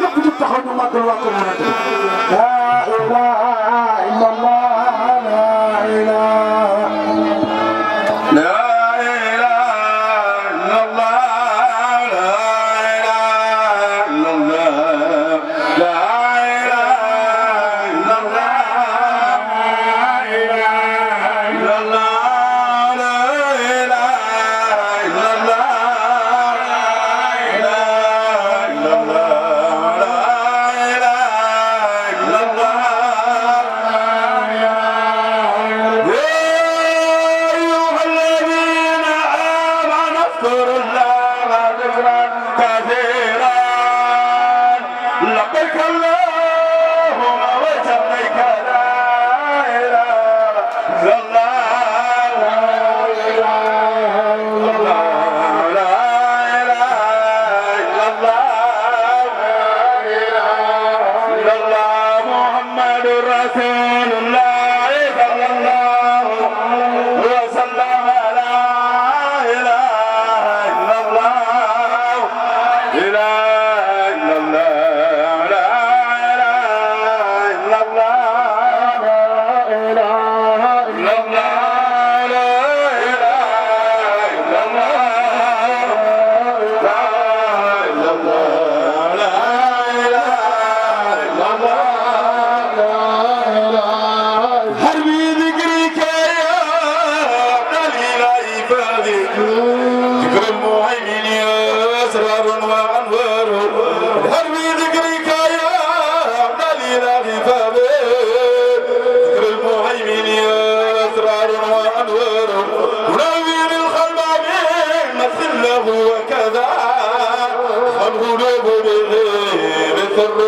ñëpp jub taxaw ñu màggal waa kër Yonent bi la ilaha illallah استر الله لا تجران كافر Allah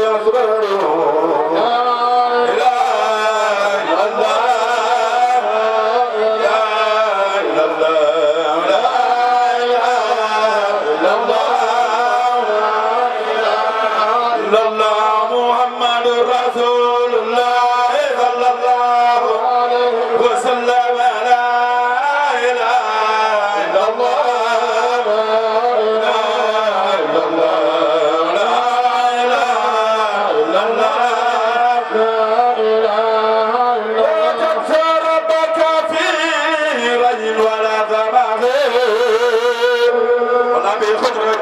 يغفر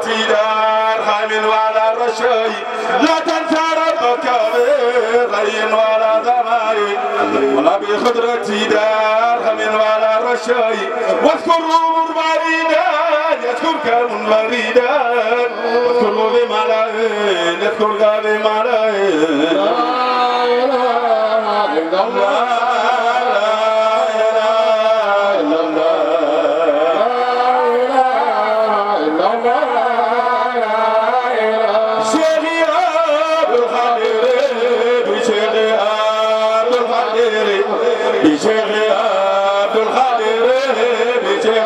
التي دار حامل وعلى رشاي لا تنسى ربك بغي ولا ضمائي ولا بخدرتي دار حامل وعلى رشاي واذكر مريدا يذكرك مريدا واذكر بملاء يذكرك بملاء لا اله الا الله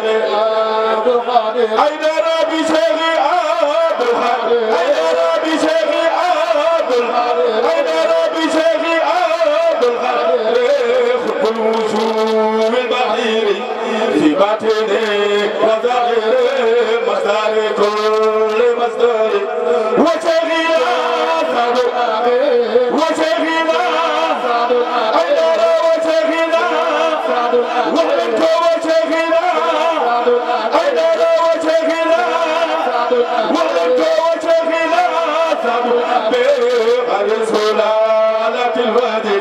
الوجوه البعير في باطنه وظاهره سلالة الوادي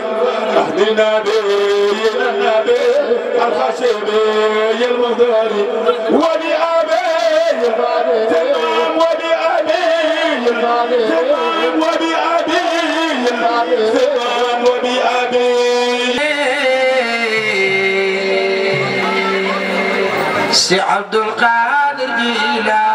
اهدنا به لنا به الخشبي المغدري ولأبي تمام ولأبي تمام ولأبي تمام ولأبي سي عبد القادر جيلاني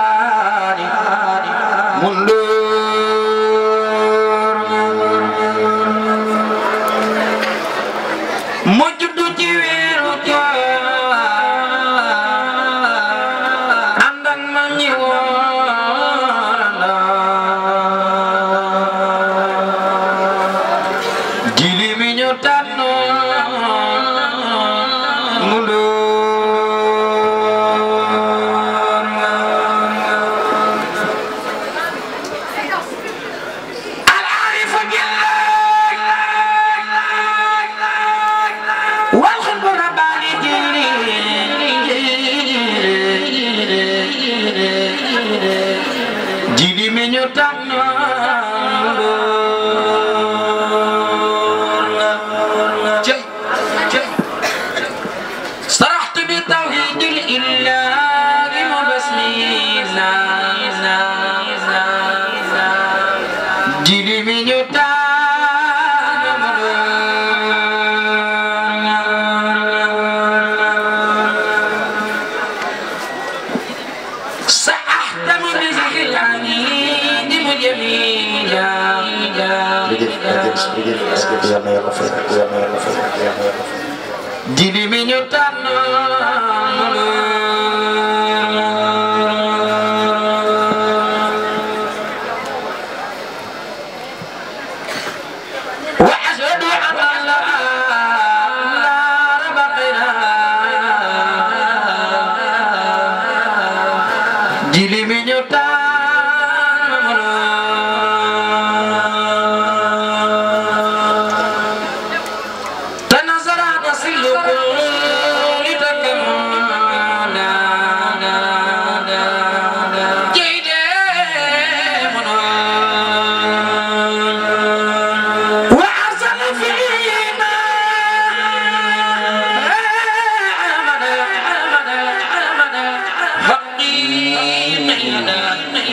Did you mean you?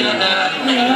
Amen.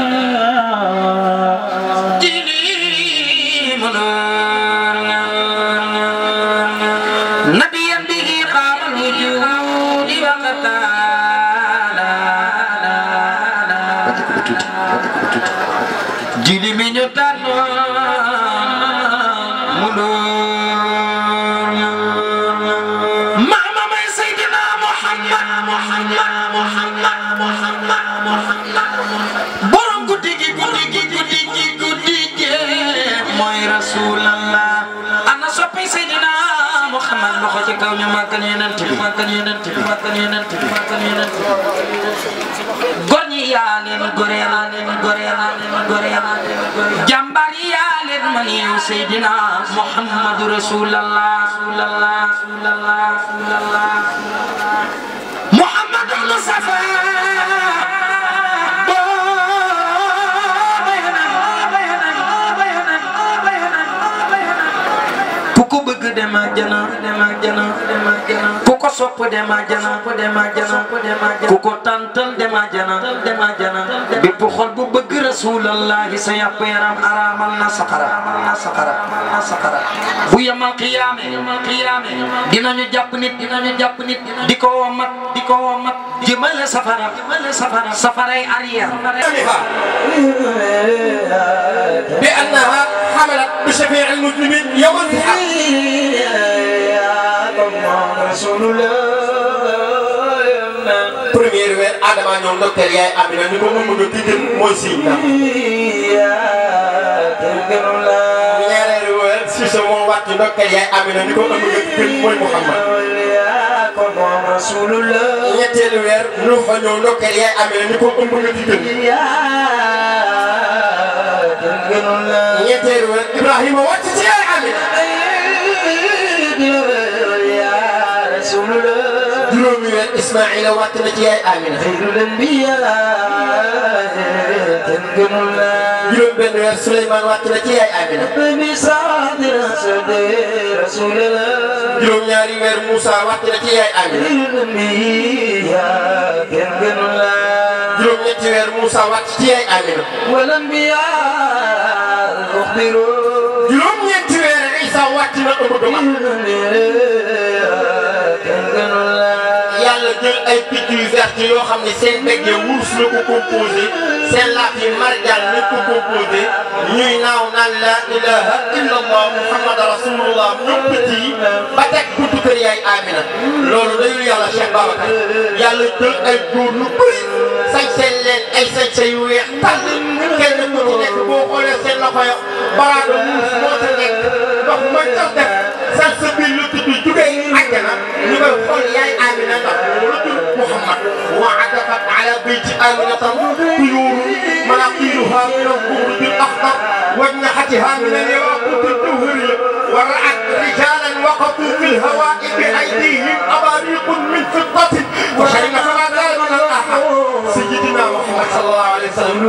màggal yonent bi màggal yonent bi màggal yonent bi góor ñi yaa leen gore yaa leen gore yaa leen gore yaa leen gore jàmbaar yi yaa leen man yow Seydina Muhammadu Rasulallah Rasulallah Rasulallah Muhammadu Mustafa ku ko bëgg dem ak jana dem ak jana dem ak jana sopp dem àjjana dem àjjana ku ko tàntal dem àjjana dem àjjana bépp xol bu bëgg rasulallahi sa yàpp yaram araamal na saqara na saqara na saqara bu yemal qiyaame dinañu jàpp nit dinañu jàpp nit di ko woo mat di ko woo mat jëmale safara jëmale safara safaray arrière بأنها حملت بشفيع المذنبين يوم الفحر premier weer Adama ñëw ndokkeel yaay Amina ñu ko mën a digal mooy signe la. ñaareelu weer Cissé moo wàcc ndokkeel yaay Amina ñu ko mën a digal mooy Muhammad. ñetteelu weer ñu fa ñëw ndokkeel yaay Amina ñu ko mën a digal. ñetteelu weer Ibrahima Ismaïla wàcc na ci yaay Amina. juróom benn weer Souleymane wàcc na ci yaay Amina. juróom ñaari weer Moussa wàcc na ci yaay Amina. juróom ñetti weer Moussa wàcc ci yaay Amina. juróom ñetti weer Isa wàcc na ëmb yàlla jël ay picc yu vert yoo xam ne seen mbég yi wurus la ko seen laaf yi marjaan la ko composé ñuy naaw naan la ilaha illallah muhammad rasulullah ñoom picc yi ba teg buntu kër yaay Amina loolu dañu yàlla Cheikh Babacar yàlla jël ay góor lu bëri sañ seen leen ay sañ-sañ yu weex tànn kenn ku ci nekk boo xoolee seen loxo ya baraada wurus moo ci nekk. ndox ma jox def sax sa biir lu tudd jugee àjjana ñu koy xool yaay Amina ndax lu tudd Muhammad wa atafat ala bayti Aminatam tuyuuru manaqiluha min al-buruj al-akhdar wa najhatiha min al-yaqut al-duhri wa ra'at rijalan waqafu fi al-hawa'i bi aydihim ababiq min fiddatin wa sharibat min al-ahmar سيدنا محمد صلى الله عليه وسلم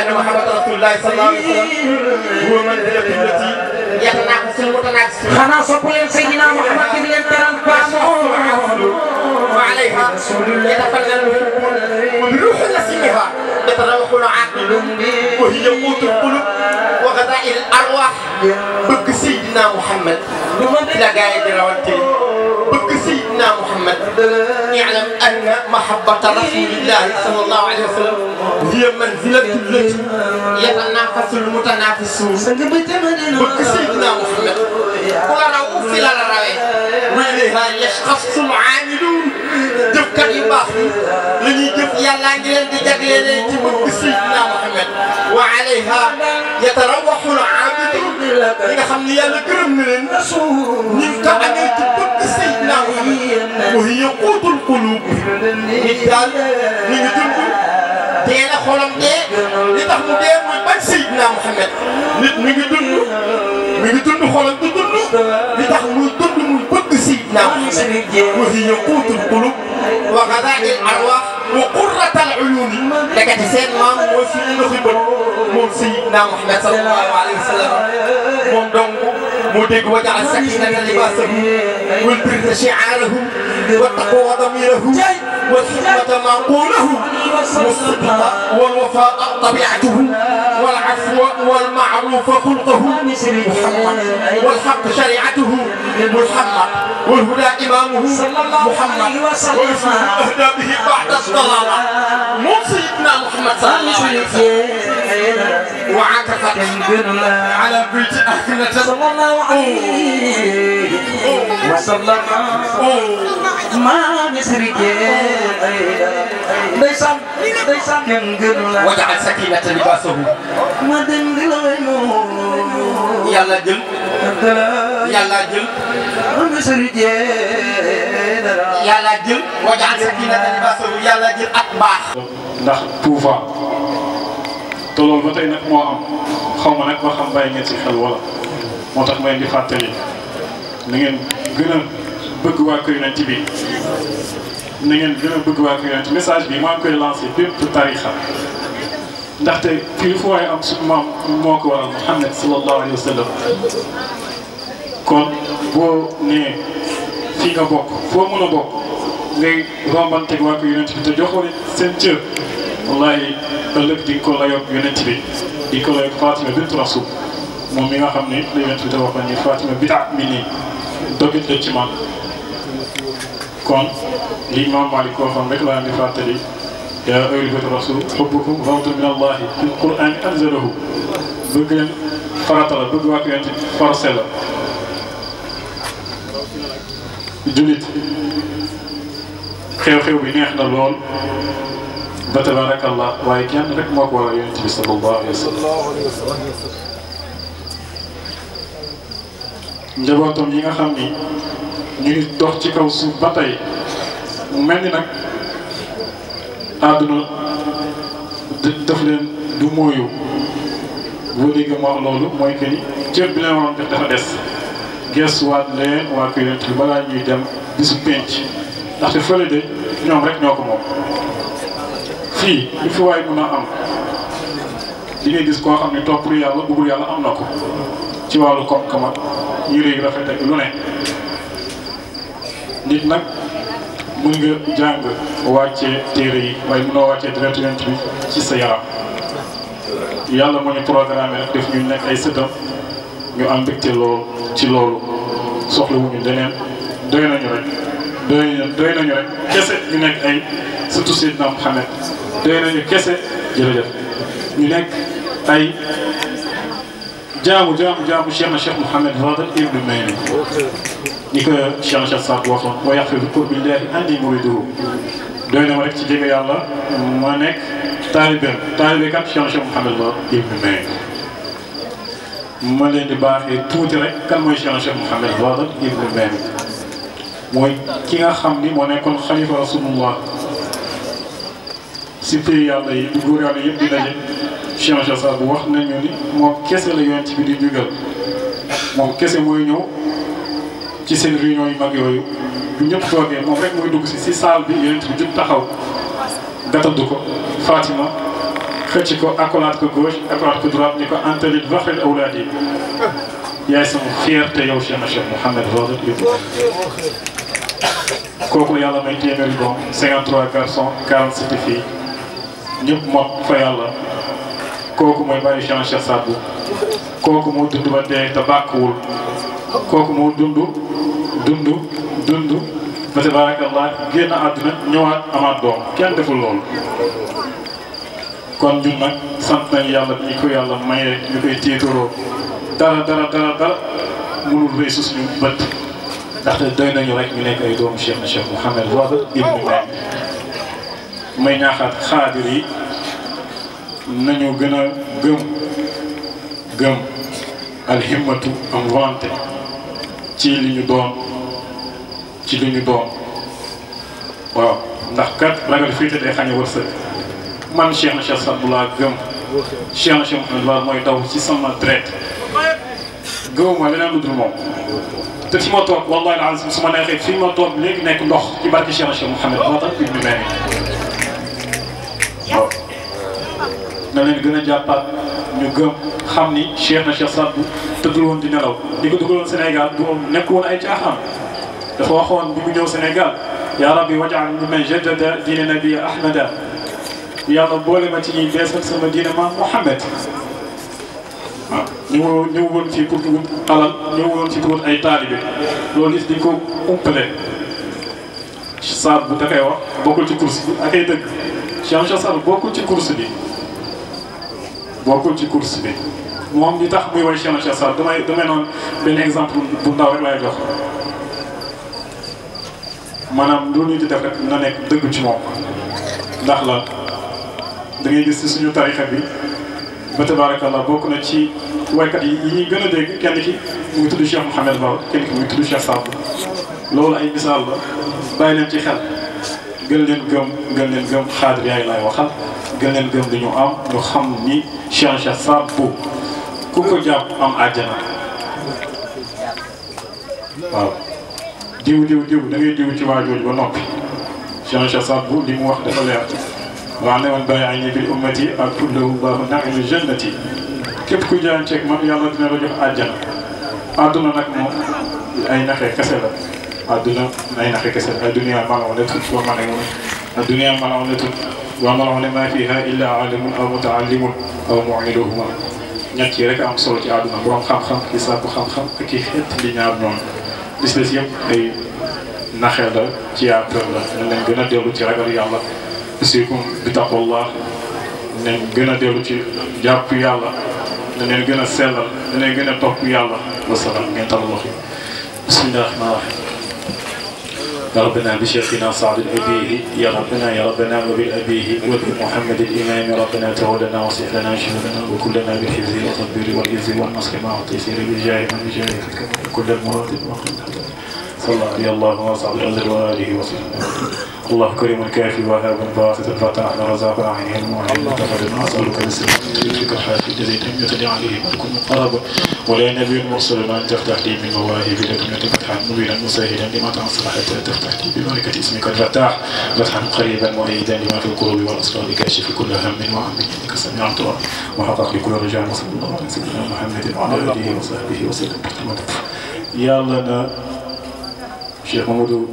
أن محمد رسول الله صلى الله عليه وسلم هو منهجة التي yàlla naa ko sën wota naa ko sën. xanaa soppu leen Seydina Muhammad di leen teral baax moom. وعليه يتفنن روح نسيمها يتروق العقل وهي قوت القلوب وغذاء الارواح بك سيدنا محمد لا قاعد روانتي سيدنا محمد اعلم أن محبة رسول الله صلى الله عليه وسلم هي منزلة التي يتنافس المتنافسون بك سيدنا محمد ولا رؤوف لا رأي وإليها يشخص العاملون jëfkat yu baax yi li ñuy jëf yàllaa ngi leen di jaglelee ci bëgg Seydina Muhammad wa alayha yatarawwaxul aabidun ñi nga xam ne yàlla gërëm na leen ñu ko amee ci bëgg نعم وهي قوت القلوب نتال نيجون dee la xolam dee li tax mu dee mooy bañ Seydina Mouhamed nit mi ngi dund mi ngi dund xolam du dund li tax muy dund muy bëgg Seydina Mouhamed wa hiya quutul qulub wa ghadaa'il arwaah wa qurratul uyuun ndekete seen maam mooy suñu ndoxi bët moom Seydina Mouhamed sallallahu alayhi wa sallam moom dong mu dégg wajal sakinata libaasahum wal birra shi'aarahum wattaqwa damiirahum wal hikmata maquulahu والصدق والوفاء طبيعته والعفو والمعروف خلقه محمد والحق شريعته محمد والهدى إمامه محمد ويسلم أهدى به بعد الضلالة مو سيدنا محمد صلى الله عليه وسلم وعكفت على بيت أهلنا صلى الله عليه وسلم maami Serigne Dieye. ndeysaan ndeysaan. kenn gënu la. wajaxal sakinata libaasahu. ma dem di la ñu. yàlla jël. yàlla jël. maami Serigne Dieye dara. yàlla jël. wajaxal sakinata libaasahu yàlla jël ak baax. ndax Touba te loolu ba tey nag moo am xaw ma nag ba xam bàyyi ngeen si xel wala moo tax may di fàttali na ngeen gën a. bëgg waa kër yonent bi na ngeen gën a bëgg waa kër yonent message bi maa ngi koy lancé bépp tarixa ndaxte kii fu waaye am suñu maam moo ko waral Muhammad sallallahu alayhi wa sallam kon boo nee fii nga bokk foo mën a bokk ngay rombanteeg waa ko yonent bi te joxoon seen cër wallaahi ëllëg di ko layoog yonent bi di ko layoog Fatima bint Rasul moom mi nga xam ne yonent bi da wax na ni Fatima bidaa mi nii dogit la kon li Imaam Maalik waxoon rek laa di fàttali yaa ahlal rasul hubbukum rawdatun min allahi fil qur'ani anzalahu bëgg leen farata la bëgg waa yonent forcé la julit xew-xew bi neex na lool ba tabaarakallah waaye kenn rek moo ko waral yonent bi sallallahu alayhi wa sallam njabootam yi nga xam ni ñu ngi dox ci kaw suuf ba tey mu mel ni nag àdduna daf leen du mooyu boo déggee ma loolu mooy que ni ceeb bi leen waroon def dafa des geesuwaat leen waa kër yonent bi balaa ñuy dem bisu penc ndaxte fële de ñoom rek ñoo ko moom fii lu fi waay mën a am li ngay gis koo xam ne topp yàlla bëggul yàlla am na ko ci wàllu koom-koom yére yu rafet ak lu ne nit nag mën nga jàng wàccee téere yi waaye mënoo wàccee deretu Yonent bi ci sa yaram yàlla moo ñu programme nag def ñu nekk ay sëtam ñu am mbégte lool ci loolu soxla wuñu leneen doy nañu rek doy doy nañu rek kese ñu nekk ay sëtu Seydina Muhammad doy nañu kese jërëjëf ñu nekk ay jaamu jaamu jaamu Cheikh na Cheikh Mouhamed Fadel ibnu Mayni ni ko Cheikh na Cheikh Saad waxoon wa yàq bi pour billahi andi muridu doy na ma ci jege yàlla ma nekk taalibeem taalibe kat Cheikh na Cheikh Mouhamed Fadel ibnu Mayni ma leen di baaxee tuuti rek kan mooy Cheikh na Cheikh Mouhamed Fadel ibnu Mayni mooy ki nga xam ni moo nekkoon xalifa rasulullah si pays yàlla yi di góor yàlla yëpp di daje Cheikh Jassar bu wax nañu ni moom kese la yoon ci jugal moom kese mooy ñëw ci seen réunion yu mag yooyu bu ñëpp toogee moom rek mooy dugg si si salle bi yonent bi jub taxaw gataddu ko Fatima xëcc ko accolade ko gauche accolade ko droite ni ko antalit waxret awlaad yi yaay sama fierté yow Cheikh na Cheikh Mouhamed Fadel yëpp kooku yàlla may téeméeri doom 53 garçons 47 filles ñëpp mot fa yàlla kooku mooy maréchal Cheikh Sadbou kooku moo dund ba te bàkkuwul kooku moo dund dund dund ba tabarakallah génn àdduna ñëwaat amaat doom kenn deful loolu kon ñun nag sant nañu yàlla bi ñu ko yàlla maye ñu koy tiituroo dara dara dara dara mënul rëy su bët ndaxte doy nañu rek ñu nekk ay doomu Cheikh na Cheikh Mouhamed Wahab ibn May may ñaaxaat xaadir yi nañu gën a gëm gëm alhimmatu am volonté ci li ñu doon ci li ñu doon waaw ndax kat ragal fii te day xañe wërsëg man Cheikh na Cheikh Sadullah gëm Cheikh na Cheikh Mouhamadullah mooy daw ci sama dret gëmuma leneen lu dul moom te fi ma toog wallahi alazim su ma neexee fi ma toog léegi nekk ndox ci barke Cheikh na Cheikh Mouhamad moo tax fi mu mel nii na leen gën a jàppaat ñu gëm xam ni Cheikh na Cheikh Saad Bou tëddul woon di nelaw li ko dugaloon Sénégal du moom nekk woon ay caaxaan dafa waxoon bi mu ñëw Sénégal yaa rabbi wajal ñu may jaddada diine nabi ahmada yàlla boole ma ci ñuy beesal sama diine maam Mouhamed waaw ah, ñu ñëw woon fii pour wut alal ñëw woon fii pour wut ay taalibe loolu is dañ ko umpale Saad Bou da koy wax bokkul ci course bi ak ay dëgg Cheikh na Cheikh Saad Bou bokkul ci course bi bokkul ci course bi moom li tax muy woy Cheikh na Cheikh Saad damay damay noonu benn exemple bu ndaw rek laay jox maanaam lu ñu di def rek na nekk dëgg ci dax ndax la da ngay gis ci suñu tarixa bi ba tabarakallah bokk na ci waykat yi yi ñuy gën a dégg kenn ki mu ngi tudd Cheikh mu ngi tudd loolu ay misaal la bàyyi xel gën leen gëm gën leen gëm xaadir yaay laay waxal gën leen gëm dañu am ñu xam ni change sa bu ku ko jàpp am àjjana waaw diw diw diw da diw ci waa jooju ba noppi change sa bu li mu wax dafa leer waa ne woon bàyyi ay ñibbi ummati ak kullahu baabu naimi jannati képp ku jaayanteeg man yàlla dina la jox àdduna nag moom ay naxee kese la adduna nay naxe kese adduniya mal'unatun wa mal'unun adduniya mal'unatun wa mal'unun ma fiha illa alimun aw mutaallimun aw mu'iduhuma ñett yi rek am solo ci àdduna borom xam-xam ki sàkku xam-xam ak ki xeet li ñaar noonu gis des yëpp ay naxe la ci yaatal la nañ leen gën a dellu ci ragal yàlla asikum bi taqwallah nañ gën a dellu ci jàpp yàlla nañ leen gën a sellal nañ leen gën a topp yàlla wasalaam ngeen tal loxi bismillah rahmaan rahim ربنا بشيخنا سعد الأبيه يا ربنا يا ربنا وبالأبيه وبمحمد الإمام ربنا تولنا واصلح لنا شهدنا وكلنا بالحفظ والتدبير والعز والنصر مع التيسير بجاه من بجاهك كل المراد المقدم صلى الله عليه وسلم وصحبه وآله وسلم الله كريم الكافي وهاب الباسط الفتاح الرزاق عينه المعين المتفرد اسالك بسلامه تلك الحافي الذي لم يتل عليه ملك مقرب ولا نبي مرسل ان تفتح لي من مواهب لدنيتك فتحا مبينا مسهلا لما تعصر حتى تفتح لي ببركه اسمك الفتاح فتحا قريبا مؤيدا لما في القلوب والاسرار كاشف كل هم وهم انك سميع الدعاء وحقق لكل رجال وصلى الله على سيدنا محمد وعلى اله وصحبه وسلم يا الله شيخ محمود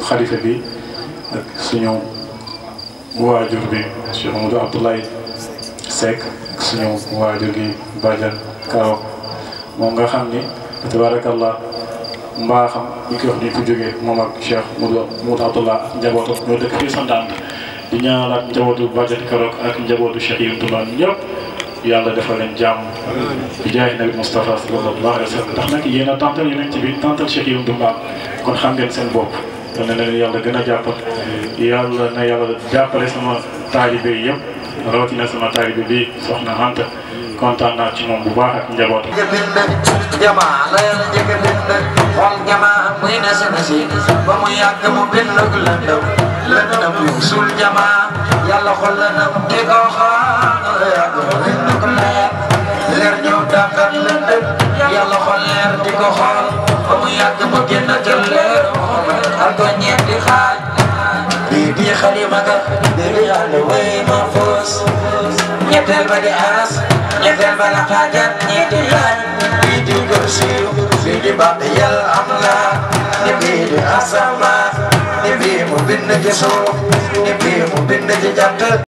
خليفه بي ak suñu waajur bi Cheikh Mamadou Abdoulaye Seck ak suñu waajur gi Badiane Kaaw moom nga xam ni tabarakallah mbaaxam ñu koy wax ni ko jógee moom ak Cheikh Mamadou Abdoulaye njabootam ñoo dëkk fii santaan di ñaanal ak njabootu Badiane Kaaw ak njabootu Cheikh Yuntulaan ñëpp yàlla defal leen jàmm bi jaay nabi Moustapha sallallahu alayhi wa ndax nag yéen a tantal yeneen ci biir tantal Cheikh Yuntulaan kon xam ngeen seen bopp kon na leen yàlla gën a jàpp yàlla na yàlla jàppale sama taalibe yëpp rawatina sama taalibe bi soxna Anta kontaan naa ci moom bu baax ak njaboot. jamaa la yàlla njëkk a bind moom jamaa muy nase nase ba mu yàgg mu bind ak lëndëm lëndëm yu suul jamaa yàlla xool la nam di ko xaar yàgg mu bind ak leer leer ñëw dàqal lëndëm yàlla xool leer di ko xool ba mu yàgg mu génn ak leer ko ñeenti xaaj bii di xalima ga bii di yàlla wéy ma foos ñetteel ba di aras ñetteel ba la xaajat ñeenti xaaj bii di di bàq yàlla am la ni di asamaan ni bii mu bind ci ni bii mu bind ci